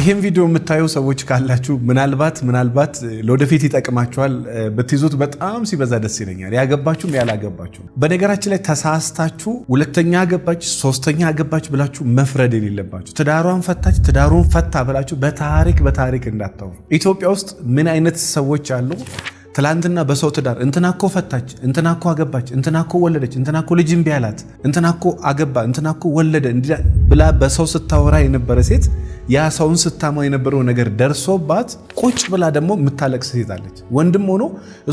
ይህም ቪዲዮ የምታዩ ሰዎች ካላችሁ ምናልባት ምናልባት ለወደፊት ይጠቅማችኋል ብትይዙት በጣም ሲበዛ ደስ ይለኛል። ያገባችሁም ያላገባችሁ፣ በነገራችን ላይ ተሳስታችሁ ሁለተኛ አገባች፣ ሶስተኛ አገባች ብላችሁ መፍረድ የሌለባችሁ ትዳሯን ፈታች፣ ትዳሩን ፈታ ብላችሁ በታሪክ በታሪክ እንዳታወሩ። ኢትዮጵያ ውስጥ ምን አይነት ሰዎች አሉ? ትላንትና በሰው ትዳር እንትና እንትናኮ ፈታች፣ እንትናኮ አገባች፣ እንትና ኮ ወለደች፣ እንትናኮ ልጅ እምቢ አላት፣ እንትናኮ አገባ፣ እንትናኮ ወለደ ብላ በሰው ስታወራ የነበረ ሴት ያ ሰውን ስታማ የነበረው ነገር ደርሶባት ቁጭ ብላ ደግሞ የምታለቅስ ሴት አለች። ወንድም ሆኖ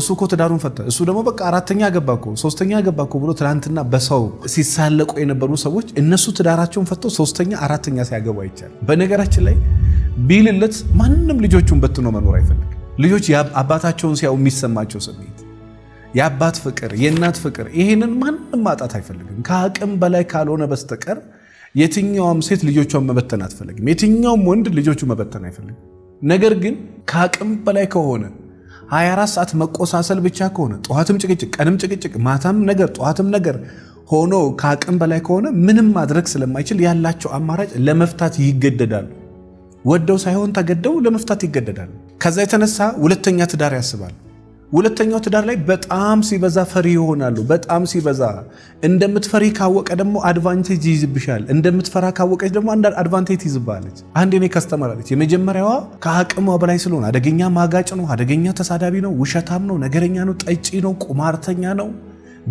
እሱ እኮ ትዳሩን ፈታ፣ እሱ ደግሞ በቃ አራተኛ አገባ እኮ ሶስተኛ አገባ እኮ ብሎ ትላንትና በሰው ሲሳለቁ የነበሩ ሰዎች እነሱ ትዳራቸውን ፈተው ሶስተኛ አራተኛ ሲያገቡ አይቻል። በነገራችን ላይ ቢልለት ማንም ልጆቹን በትኖ መኖር አይፈልግ ልጆች አባታቸውን ሲያው የሚሰማቸው ስሜት፣ የአባት ፍቅር፣ የእናት ፍቅር፣ ይሄንን ማንም ማጣት አይፈልግም። ከአቅም በላይ ካልሆነ በስተቀር የትኛውም ሴት ልጆቿን መበተን አትፈልግም። የትኛውም ወንድ ልጆቹ መበተን አይፈልግም። ነገር ግን ከአቅም በላይ ከሆነ 24 ሰዓት መቆሳሰል ብቻ ከሆነ ጠዋትም ጭቅጭቅ፣ ቀንም ጭቅጭቅ፣ ማታም ነገር ጠዋትም ነገር ሆኖ ከአቅም በላይ ከሆነ ምንም ማድረግ ስለማይችል ያላቸው አማራጭ ለመፍታት ይገደዳሉ። ወደው ሳይሆን ተገደው ለመፍታት ይገደዳሉ። ከዛ የተነሳ ሁለተኛ ትዳር ያስባል። ሁለተኛው ትዳር ላይ በጣም ሲበዛ ፈሪ ይሆናሉ። በጣም ሲበዛ እንደምትፈሪ ካወቀ ደግሞ አድቫንቴጅ ይዝብሻል። እንደምትፈራ ካወቀች ደግሞ አንድ አድቫንቴጅ ይዝባለች። አንድ እኔ አለች። የመጀመሪያዋ ከአቅሟ በላይ ስለሆነ አደገኛ ማጋጭ ነው፣ አደገኛ ተሳዳቢ ነው፣ ውሸታም ነው፣ ነገረኛ ነው፣ ጠጪ ነው፣ ቁማርተኛ ነው፣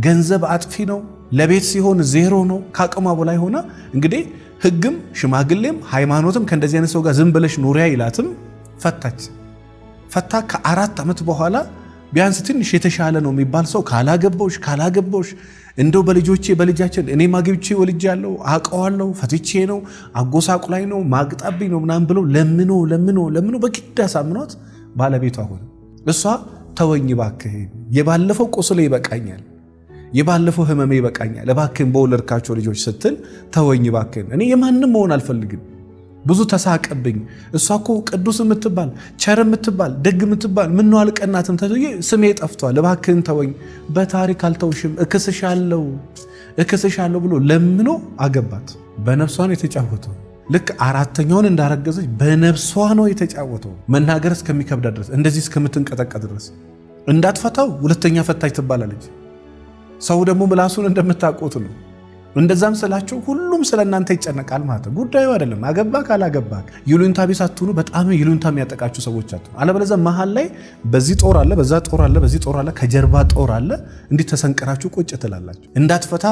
ገንዘብ አጥፊ ነው። ለቤት ሲሆን ዜሮ ነው። ከአቅሟ በላይ ሆና እንግዲህ ህግም ሽማግሌም ሃይማኖትም ከእንደዚህ አይነት ሰው ጋር ዝም ብለሽ ኑሪያ ይላትም ፈታች። ፈታ ከአራት ዓመት በኋላ ቢያንስ ትንሽ የተሻለ ነው የሚባል ሰው ካላገባዎች ካላገባዎች እንደው በልጆቼ በልጃችን እኔ ማግብቼ ወልጃለሁ አውቀዋለሁ ፈትቼ ነው አጎሳቁላይ ነው ማግጣብኝ ነው ምናምን ብለው ለምኖ ለምኖ ለምኖ በግድ አሳምኗት ባለቤቷ ሆነ። እሷ ተወኝ እባክህ፣ የባለፈው ቁስሌ ይበቃኛል፣ የባለፈው ህመሜ ይበቃኛል፣ እባክህን በወለድካቸው ልጆች ስትል ተወኝ እባክህን፣ እኔ የማንም መሆን አልፈልግም ብዙ ተሳቀብኝ። እሷ እኮ ቅዱስ የምትባል ቸር የምትባል ደግ የምትባል ምነው አልቀናትም ተብዬ ስሜ ጠፍቷል። እባክህን ተወኝ፣ በታሪክ አልተውሽም፣ እክስሻለሁ እክስሻለሁ ብሎ ለምኖ አገባት። በነፍሷ ነው የተጫወተው። ልክ አራተኛውን እንዳረገዘች በነፍሷ ነው የተጫወተው። መናገር እስከሚከብዳ ድረስ እንደዚህ እስከምትንቀጠቀጥ ድረስ እንዳትፈታው ሁለተኛ ፈታች ትባላለች። ሰው ደግሞ ምላሱን እንደምታውቁት ነው። እንደዛም ስላችሁ ሁሉም ስለ እናንተ ይጨነቃል ማለት ነው። ጉዳዩ አይደለም አገባ ካላገባ ይሉኝታ ቢስ አትሆኑ። በጣም ይሉኝታ የሚያጠቃችሁ ሰዎች አትሆኑ። አለበለዚያ መሀል ላይ በዚህ ጦር አለ፣ በዛ ጦር አለ፣ በዚህ ጦር አለ፣ ከጀርባ ጦር አለ። እንዲህ ተሰንቅራችሁ ቁጭ ትላላችሁ። እንዳትፈታ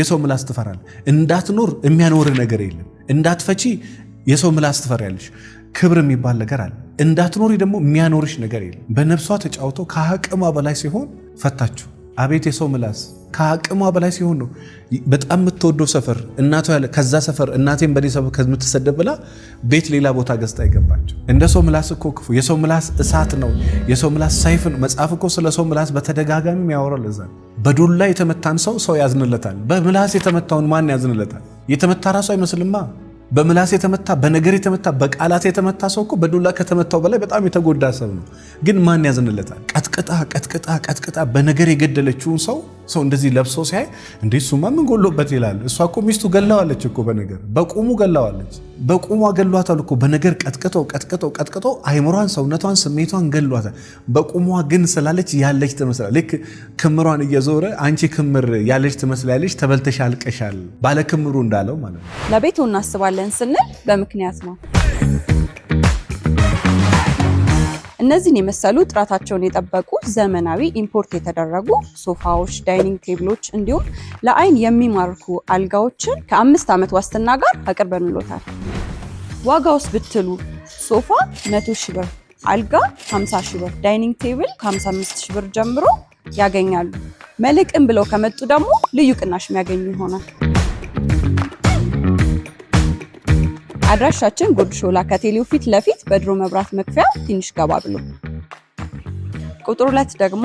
የሰው ምላስ ትፈራል። እንዳትኖር የሚያኖር ነገር የለም። እንዳትፈቺ የሰው ምላስ ትፈሪያለሽ። ክብር የሚባል ነገር አለ። እንዳትኖሪ ደግሞ የሚያኖርሽ ነገር የለም። በነብሷ ተጫውቶ ከአቅሟ በላይ ሲሆን ፈታችሁ። አቤት የሰው ምላስ ከአቅሟ በላይ ሲሆን ነው። በጣም የምትወደው ሰፈር እናቷ ያለ ከዛ ሰፈር እናቴም በእኔ ሰፈር ከምትሰደብ ብላ ቤት ሌላ ቦታ ገዝታ ይገባቸው። እንደ ሰው ምላስ እኮ ክፉ፣ የሰው ምላስ እሳት ነው። የሰው ምላስ ሰይፍ ነው። መጽሐፍ እኮ ስለ ሰው ምላስ በተደጋጋሚ የሚያወራው ለዛ በዱላ የተመታን ሰው ሰው ያዝንለታል። በምላስ የተመታውን ማን ያዝንለታል? የተመታ ራሱ አይመስልማ። በምላስ የተመታ በነገር የተመታ በቃላት የተመታ ሰው እኮ በዱላ ከተመታው በላይ በጣም የተጎዳ ሰው ነው። ግን ማን ያዝንለታል? ቀጥቅጣ ቀጥቅጣ ቀጥቅጣ በነገር የገደለችውን ሰው ሰው እንደዚህ ለብሶ ሲያይ እንዴ እሱማ ምን ጎሎበት ይላል። እሷ እኮ ሚስቱ ገላዋለች እኮ በነገር በቁሙ ገላዋለች። በቁሟ ገሏታል እኮ በነገር ቀጥቅጦ ቀጥቀጦ ቀጥቅጦ አይምሯን፣ ሰውነቷን፣ ስሜቷን ገሏታል። በቁሟ ግን ስላለች ያለች ትመስላል። ልክ ክምሯን እየዞረ አንቺ ክምር ያለች ትመስላለች፣ ተበልተሻ አልቀሻል ባለ ክምሩ እንዳለው ማለት ነው። ለቤቱ እናስባለን ስንል በምክንያት ነው። እነዚህን የመሰሉ ጥራታቸውን የጠበቁ ዘመናዊ ኢምፖርት የተደረጉ ሶፋዎች፣ ዳይኒንግ ቴብሎች እንዲሁም ለአይን የሚማርኩ አልጋዎችን ከአምስት ዓመት ዋስትና ጋር አቅርበንሎታል። ዋጋ ውስጥ ብትሉ ሶፋ 100 ሺ ብር፣ አልጋ 50 ሺ ብር፣ ዳይኒንግ ቴብል ከ55 ሺ ብር ጀምሮ ያገኛሉ። መልሕቅን ብለው ከመጡ ደግሞ ልዩ ቅናሽ የሚያገኙ ይሆናል። አድራሻችን ጉርድ ሾላ ከቴሌው ፊት ለፊት በድሮ መብራት መክፈያ ትንሽ ገባ ብሎ፣ ቁጥር ሁለት ደግሞ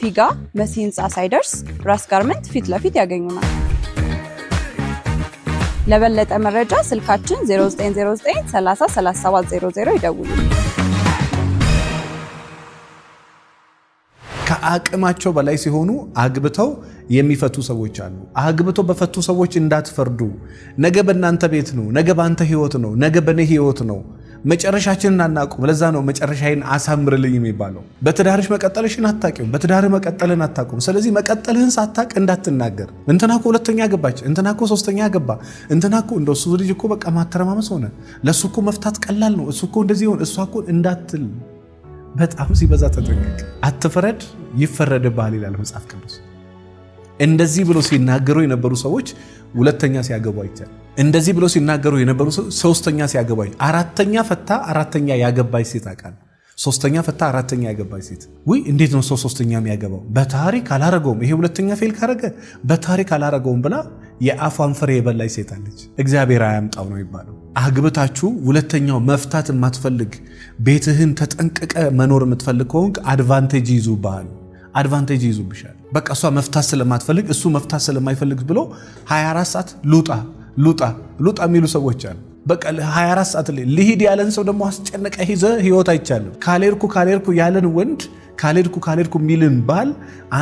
ፊጋ መሲ ህንፃ ሳይደርስ ራስ ጋርመንት ፊት ለፊት ያገኙናል። ለበለጠ መረጃ ስልካችን 0909 30 ከአቅማቸው በላይ ሲሆኑ አግብተው የሚፈቱ ሰዎች አሉ። አግብተው በፈቱ ሰዎች እንዳትፈርዱ። ነገ በእናንተ ቤት ነው፣ ነገ በአንተ ህይወት ነው፣ ነገ በእኔ ህይወት ነው። መጨረሻችንን አናውቅም። ለዛ ነው መጨረሻዬን አሳምርልኝ የሚባለው። በትዳርሽ መቀጠልሽን አታውቂውም፣ በትዳር መቀጠልን አታውቁም። ስለዚህ መቀጠልህን ሳታውቅ እንዳትናገር። እንትናኮ ሁለተኛ ገባች፣ እንትናኮ ሶስተኛ ገባ፣ እንትናኮ እንደ እሱ ልጅ እኮ በቃ ማተረማመስ ሆነ፣ ለእሱ እኮ መፍታት ቀላል ነው፣ እሱ እኮ እንደዚህ ሆነ፣ እሷ እኮ እንዳትል በጣም ሲበዛ ተጠንቀቅ። አትፍረድ ይፈረድብሃል ይላል መጽሐፍ ቅዱስ። እንደዚህ ብሎ ሲናገሩ የነበሩ ሰዎች ሁለተኛ ሲያገቡ አይቻል። እንደዚህ ብሎ ሲናገሩ የነበሩ ሰዎች ሶስተኛ ሲያገቡ አይ አራተኛ ፈታ አራተኛ ያገባች ሴት አቃል ሶስተኛ ፈታ አራተኛ ያገባች ሴት ውይ፣ እንዴት ነው ሰው ሶስተኛ የሚያገባው? በታሪክ አላረገውም፣ ይሄ ሁለተኛ ፌል ካረገ በታሪክ አላረገውም ብላ የአፏን ፍሬ የበላች ሴት አለች። እግዚአብሔር አያምጣው ነው ይባለው። አግብታችሁ ሁለተኛው መፍታት የማትፈልግ ቤትህን ተጠንቅቀ መኖር የምትፈልግ ከሆንክ አድቫንቴጅ ይዙብሃል፣ አድቫንቴጅ ይዙብሻል። በቃ እሷ መፍታት ስለማትፈልግ እሱ መፍታት ስለማይፈልግ ብሎ 24 ሰዓት ሉጣ ሉጣ ሉጣ የሚሉ ሰዎች አሉ። በቃ 24 ሰዓት ላይ ልሂድ ያለን ሰው ደግሞ አስጨነቀ ይዘ ህይወት አይቻልም። ካሌርኩ ካሌርኩ ያለን ወንድ ካሌድኩ ካሌርኩ የሚልን ባል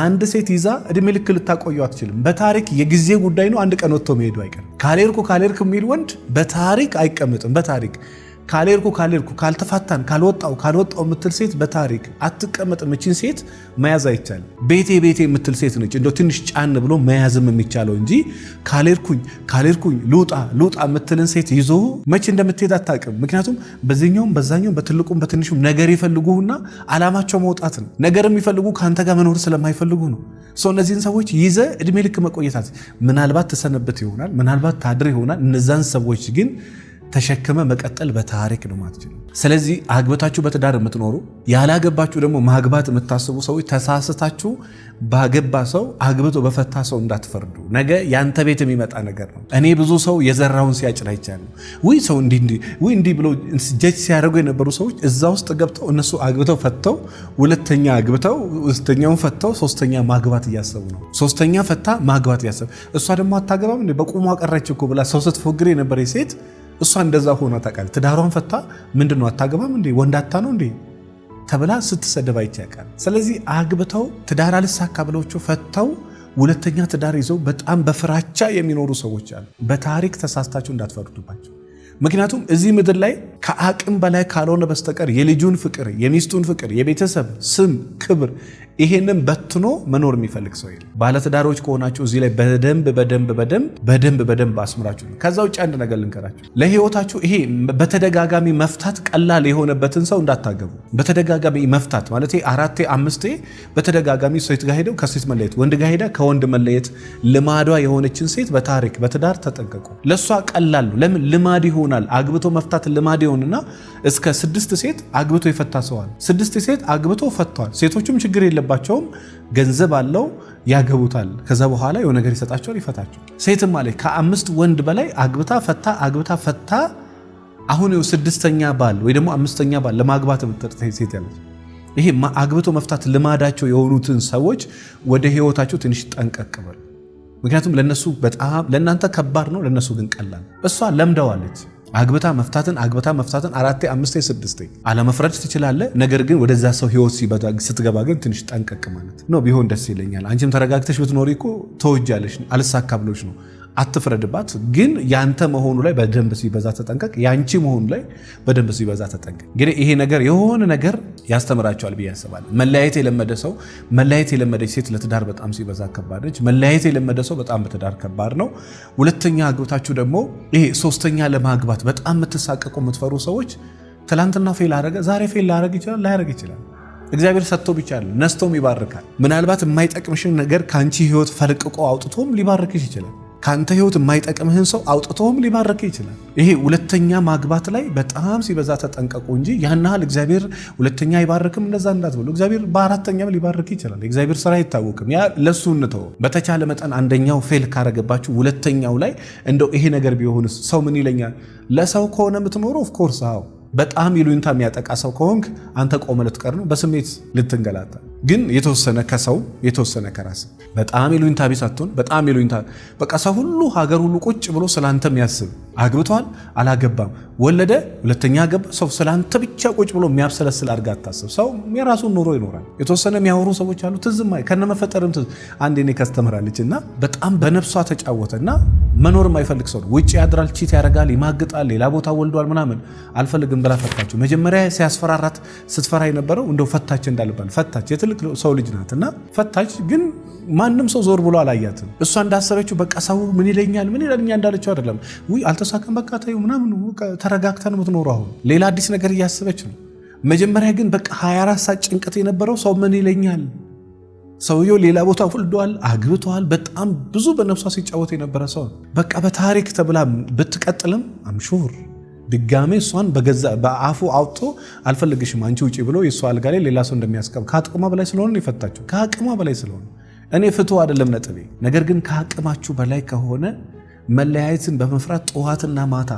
አንድ ሴት ይዛ እድሜ ልክ ልታቆየው አትችልም። በታሪክ የጊዜ ጉዳይ ነው። አንድ ቀን ወጥቶ መሄዱ አይቀርም። ካሌርኩ ካሌርኩ የሚል ወንድ በታሪክ አይቀመጥም። በታሪክ ካልሄድኩ ካልሄድኩ ካልተፋታን ካልወጣው ካልወጣው የምትል ሴት በታሪክ አትቀመጥም። እችን ሴት መያዝ አይቻልም። ቤቴ ቤቴ የምትል ሴት ነች። እንደው ትንሽ ጫን ብሎ መያዝም የሚቻለው እንጂ ካልሄድኩኝ ካልሄድኩኝ ልውጣ ልውጣ የምትልን ሴት ይዞ መቼ እንደምትሄድ አታውቅም። ምክንያቱም በዚህኛውም በዛኛውም በትልቁም በትንሹም ነገር ይፈልጉና አላማቸው መውጣት ነው። ነገር የሚፈልጉ ከአንተ ጋር መኖር ስለማይፈልጉ ነው። ሰው እነዚህን ሰዎች ይዘ እድሜ ልክ መቆየታት ምናልባት ትሰነብት ይሆናል፣ ምናልባት ታድር ይሆናል። እነዛን ሰዎች ግን ተሸክመ መቀጠል በታሪክ ነው ማለት ማትችሉ። ስለዚህ አግብታችሁ በትዳር የምትኖሩ ያላገባችሁ ደግሞ ማግባት የምታስቡ ሰዎች ተሳስታችሁ ባገባ ሰው አግብቶ በፈታ ሰው እንዳትፈርዱ። ነገ ያንተ ቤት የሚመጣ ነገር ነው። እኔ ብዙ ሰው የዘራውን ሲያጭድ አይቻለሁ። ውይ ሰው እንዲህ እንዲህ ብለው ጀጅ ሲያደርጉ የነበሩ ሰዎች እዛ ውስጥ ገብተው እነሱ አግብተው ፈተው ሁለተኛ አግብተው ሁለተኛውን ፈተው ሶስተኛ ማግባት እያሰቡ ነው። ሶስተኛ ፈታ ማግባት እያሰቡ እሷ ደግሞ አታገባም በቁሟ ቀረች እኮ ብላ ሰው ስትፎግር የነበረ ሴት እሷ እንደዛ ሆና ታውቃለች። ትዳሯን ፈታ ምንድን ነው አታገባም እንዴ ወንዳታ ነው እንዴ ተብላ ስትሰደብ አይቼ ያውቃል። ስለዚህ አግብተው ትዳር አልሳካ ብላቸው ፈተው ሁለተኛ ትዳር ይዘው በጣም በፍራቻ የሚኖሩ ሰዎች አሉ። በታሪክ ተሳስታችሁ እንዳትፈርዱባቸው። ምክንያቱም እዚህ ምድር ላይ ከአቅም በላይ ካልሆነ በስተቀር የልጁን ፍቅር፣ የሚስቱን ፍቅር፣ የቤተሰብ ስም፣ ክብር ይሄንን በትኖ መኖር የሚፈልግ ሰው የለም። ባለትዳሮች ከሆናችሁ እዚህ ላይ በደንብ በደንብ በደንብ በደንብ በደንብ አስምራችሁ። ከዛ ውጭ አንድ ነገር ልንከራችሁ፣ ለህይወታችሁ ይሄ በተደጋጋሚ መፍታት ቀላል የሆነበትን ሰው እንዳታገቡ። በተደጋጋሚ መፍታት ማለት አራቴ አምስቴ በተደጋጋሚ ሴት ጋር ሄደው ከሴት መለየት፣ ወንድ ጋር ሄዳ ከወንድ መለየት ልማዷ የሆነችን ሴት በታሪክ በትዳር ተጠንቀቁ። ለእሷ ቀላሉ ለምን ልማድ ይሆናል። አግብቶ መፍታት ልማድ ይሆንና እስከ ስድስት ሴት አግብቶ የፈታ ሰዋል። ስድስት ሴት አግብቶ ፈቷል። ሴቶችም ችግር የለም የለባቸውም። ገንዘብ አለው፣ ያገቡታል። ከዛ በኋላ የሆነ ነገር ይሰጣቸዋል፣ ይፈታቸው። ሴትም አለ ከአምስት ወንድ በላይ አግብታ ፈታ፣ አግብታ ፈታ። አሁን ው ስድስተኛ ባል ወይ ደግሞ አምስተኛ ባል ለማግባት ሴት ያለች ይሄ አግብቶ መፍታት ልማዳቸው የሆኑትን ሰዎች ወደ ህይወታቸው ትንሽ ጠንቀቅ በሉ። ምክንያቱም ለእነሱ በጣም ለእናንተ ከባድ ነው፣ ለእነሱ ግን ቀላል። እሷ ለምደዋለች። አግብታ መፍታትን አግብታ መፍታትን አራቴ አምስቴ ስድስቴ አለመፍረድ ትችላለህ። ነገር ግን ወደዛ ሰው ህይወት ስትገባ ግን ትንሽ ጠንቀቅ ማለት ነው ቢሆን ደስ ይለኛል። አንቺም ተረጋግተሽ ብትኖሪ እኮ ተወጃለሽ። አልሳካ ብሎች ነው አትፍረድባት፣ ግን ያንተ መሆኑ ላይ በደንብ ሲበዛ ተጠንቀቅ። ያንቺ መሆኑ ላይ በደንብ ሲበዛ ተጠንቀቅ። እንግዲህ ይሄ ነገር የሆነ ነገር ያስተምራቸዋል ብዬ መለያየት የለመደ ሰው መለያየት የለመደች ሴት ለትዳር በጣም ሲበዛ ከባድ ነች። መለያየት የለመደ ሰው በጣም በትዳር ከባድ ነው። ሁለተኛ አግብታችሁ ደግሞ ይሄ ሶስተኛ ለማግባት በጣም የምትሳቀቁ የምትፈሩ ሰዎች ትላንትና ፌል አረገ፣ ዛሬ ፌል ላረግ ይችላል፣ ላያረግ ይችላል። እግዚአብሔር ሰጥቶ ብቻ ነስቶም ይባርካል። ምናልባት የማይጠቅምሽን ነገር ከአንቺ ህይወት ፈልቅቆ አውጥቶም ሊባርክሽ ይችላል። ከአንተ ህይወት የማይጠቅምህን ሰው አውጥቶም ሊባረክ ይችላል። ይሄ ሁለተኛ ማግባት ላይ በጣም ሲበዛ ተጠንቀቁ እንጂ ያን ያህል እግዚአብሔር ሁለተኛ አይባርክም እንደዛ እንዳትበሉ። እግዚአብሔር በአራተኛም ሊባርክ ይችላል። እግዚአብሔር ስራ አይታወቅም። ያ ለሱ እንተው። በተቻለ መጠን አንደኛው ፌል ካረገባችሁ ሁለተኛው ላይ እንደው ይሄ ነገር ቢሆንስ ሰው ምን ይለኛል፣ ለሰው ከሆነ የምትኖረው ኦፍኮርስ በጣም ይሉኝታ የሚያጠቃ ሰው ከሆንክ አንተ ቆመ ልትቀር ነው። በስሜት ልትንገላታ ግን የተወሰነ ከሰው የተወሰነ ከራስ በጣም የሉኝታ ቢስ አትሆን። በጣም የሉኝታ በቃ ሰው ሁሉ ሀገር ሁሉ ቁጭ ብሎ ስለአንተ የሚያስብ አግብቷል፣ አላገባም፣ ወለደ፣ ሁለተኛ አገባ። ሰው ስለአንተ ብቻ ቁጭ ብሎ የሚያብሰለስል አድርጋ አታስብ። ሰው የራሱን ኑሮ ይኖራል። የተወሰነ የሚያወሩ ሰዎች አሉ። ትዝም ከነመፈጠርም ትዝ አንድ ኔ ከስተምራለች እና በጣም በነፍሷ ተጫወተ እና መኖር የማይፈልግ ሰው ውጭ ያድራል፣ ቺት ያደርጋል፣ ይማግጣል፣ ሌላ ቦታ ወልዷል ምናምን አልፈልግም ብላ ፈታቸው። መጀመሪያ ሲያስፈራራት ስትፈራ የነበረው እንደው ፈታች እንዳልባል ፈታች። የትልቅ ሰው ልጅ ናት እና ፈታች ግን ማንም ሰው ዞር ብሎ አላያትም። እሷ እንዳሰበችው በቃ ሰው ምን ይለኛል ምን ይለኛ እንዳለችው አይደለም አትሳከም፣ በቃ ተይው ምናምን ተረጋግተን የምትኖረው። አሁን ሌላ አዲስ ነገር እያሰበች ነው። መጀመሪያ ግን በቃ 24 ሰዓት ጭንቀት የነበረው ሰው ምን ይለኛል፣ ሰውየው ሌላ ቦታ ወልደዋል፣ አግብተዋል፣ በጣም ብዙ በነፍሷ ሲጫወት የነበረ ሰው በቃ በታሪክ ተብላ ብትቀጥልም አምሹር ድጋሜ እሷን በአፉ አውጥቶ አልፈልግሽም አንቺ ውጪ ብሎ የእሷ አልጋ ላይ ሌላ ሰው እንደሚያስቀብ ከአቅሟ በላይ ስለሆነ የፈታቸው ከአቅሟ በላይ ስለሆነ እኔ ፍትህ አይደለም ነጥቤ። ነገር ግን ከአቅማችሁ በላይ ከሆነ መለያየትን በመፍራት ጠዋትና ማታ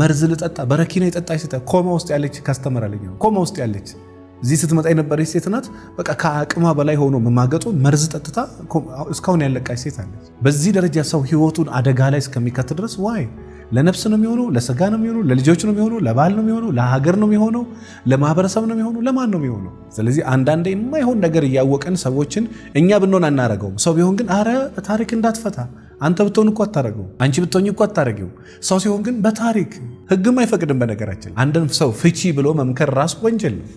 መርዝ ልጠጣ በረኪና የጠጣች ሴት ኮማ ውስጥ ያለች ካስተመር አለኝ። ኮማ ውስጥ ያለች እዚህ ስትመጣ የነበረች ሴት ናት። በቃ ከአቅማ በላይ ሆኖ መማገጡ መርዝ ጠጥታ እስካሁን ያለቃች ሴት አለች። በዚህ ደረጃ ሰው ህይወቱን አደጋ ላይ እስከሚከት ድረስ ዋይ ለነፍስ ነው የሚሆነው፣ ለስጋ ነው የሚሆነው፣ ለልጆች ነው የሚሆነው፣ ለባል ነው የሚሆነው፣ ለሀገር ነው የሚሆነው፣ ለማህበረሰብ ነው የሚሆነው፣ ለማን ነው የሚሆነው? ስለዚህ አንዳንዴ የማይሆን ነገር እያወቀን ሰዎችን እኛ ብንሆን አናረገውም። ሰው ቢሆን ግን አረ ታሪክ እንዳትፈታ አንተ ብትሆን እኮ አታረገው፣ አንቺ ብትሆኝ እኮ አታረጊው። ሰው ሲሆን ግን በታሪክ ህግም አይፈቅድም። በነገራችን አንድን ሰው ፍቺ ብሎ መምከር ራሱ ወንጀል ነው።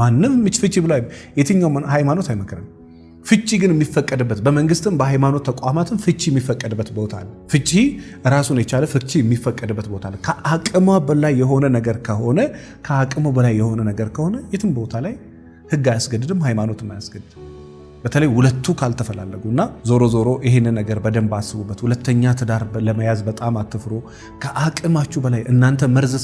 ማንም ፍቺ ብሎ የትኛው ሃይማኖት አይመክርም። ፍቺ ግን የሚፈቀድበት በመንግስትም በሃይማኖት ተቋማትም ፍቺ የሚፈቀድበት ቦታ አለ። ፍቺ ራሱን የቻለ ፍቺ የሚፈቀድበት ቦታ አለ። ከአቅሟ በላይ የሆነ ነገር ከሆነ ከአቅሙ በላይ የሆነ ነገር ከሆነ የትም ቦታ ላይ ህግ አያስገድድም፣ ሃይማኖትም አያስገድድም። በተለይ ሁለቱ ካልተፈላለጉ እና ዞሮ ዞሮ ይህን ነገር በደንብ አስቡበት። ሁለተኛ ትዳር ለመያዝ በጣም አትፍሩ። ከአቅማችሁ በላይ እናንተ መርዝ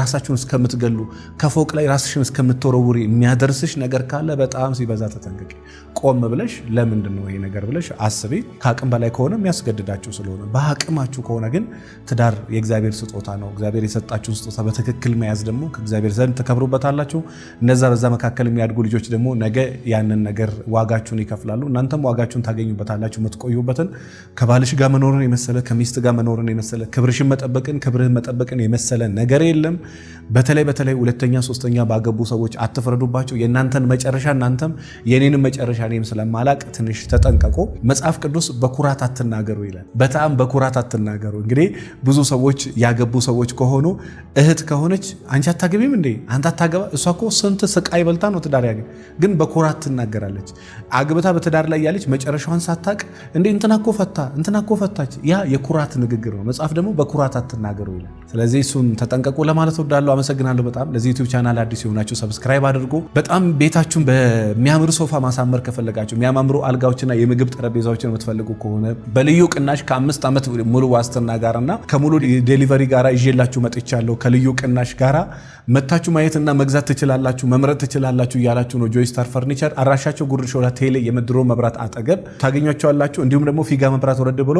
ራሳችሁን እስከምትገሉ ከፎቅ ላይ ራስሽን እስከምትወረውሪ የሚያደርስሽ ነገር ካለ በጣም ሲበዛ ተጠንቀቂ። ቆም ብለሽ ለምንድን ነው ይሄ ነገር ብለሽ አስቢ። ከአቅም በላይ ከሆነ የሚያስገድዳችሁ ስለሆነ፣ በአቅማችሁ ከሆነ ግን ትዳር የእግዚአብሔር ስጦታ ነው። እግዚአብሔር የሰጣችሁን ስጦታ በትክክል መያዝ ደግሞ ከእግዚአብሔር ዘንድ ተከብሩበታላችሁ። እነዛ በዛ መካከል የሚያድጉ ልጆች ደግሞ ነገ ያንን ነገር ዋጋችሁ ዋጋቸውን ይከፍላሉ። እናንተም ዋጋችሁን ታገኙበታላችሁ። የምትቆዩበትን ከባልሽ ጋር መኖርን የመሰለ ከሚስት ጋር መኖርን የመሰለ ክብርሽን መጠበቅን ክብርህን መጠበቅን የመሰለ ነገር የለም። በተለይ በተለይ ሁለተኛ ሶስተኛ ባገቡ ሰዎች አትፍረዱባቸው። የእናንተን መጨረሻ እናንተም የእኔንም መጨረሻ እኔም ስለማላቅ ትንሽ ተጠንቀቁ። መጽሐፍ ቅዱስ በኩራት አትናገሩ ይላል። በጣም በኩራት አትናገሩ። እንግዲህ ብዙ ሰዎች ያገቡ ሰዎች ከሆኑ እህት ከሆነች አንቺ አታገቢም እንዴ አንተ አታገባ እሷ እኮ ስንት ስቃይ በልታ ነው ትዳር ያገኝ ግን በኩራት ትናገራለች። አግብታ በትዳር ላይ ያለች መጨረሻዋን ሳታቅ እንዴ እንትና እኮ ፈታ እንትና እኮ ፈታች፣ ያ የኩራት ንግግር ነው። መጽሐፍ ደግሞ በኩራት አትናገሩ ይላል። ስለዚህ እሱን ተጠንቀቁ ለማለት ወዳለሁ። አመሰግናለሁ በጣም ለዚህ ዩቲዩብ ቻናል አዲስ የሆናችሁ ሰብስክራይብ አድርጎ በጣም ቤታችሁን በሚያምር ሶፋ ማሳመር ከፈለጋችሁ የሚያማምሩ አልጋዎችና የምግብ ጠረጴዛዎችን የምትፈልጉ ከሆነ በልዩ ቅናሽ ከአምስት ዓመት ሙሉ ዋስትና ጋርና ከሙሉ ዴሊቨሪ ጋር ይዤላችሁ መጥቻለሁ። ከልዩ ቅናሽ ጋራ መታችሁ ማየትና መግዛት ትችላላችሁ፣ መምረጥ ትችላላችሁ እያላችሁ ነው። ጆይስታር ፈርኒቸር አራሻቸው ጉርድ ሾላ ቴሌ ላይ የምድሮ መብራት አጠገብ ታገኟቸዋላችሁ። እንዲሁም ደግሞ ፊጋ መብራት ወረድ ብሎ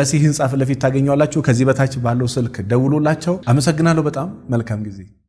መሲህ ህንፃ ፊት ለፊት ታገኘዋላችሁ። ከዚህ በታች ባለው ስልክ ደውሉላቸው። አመሰግናለሁ። በጣም መልካም ጊዜ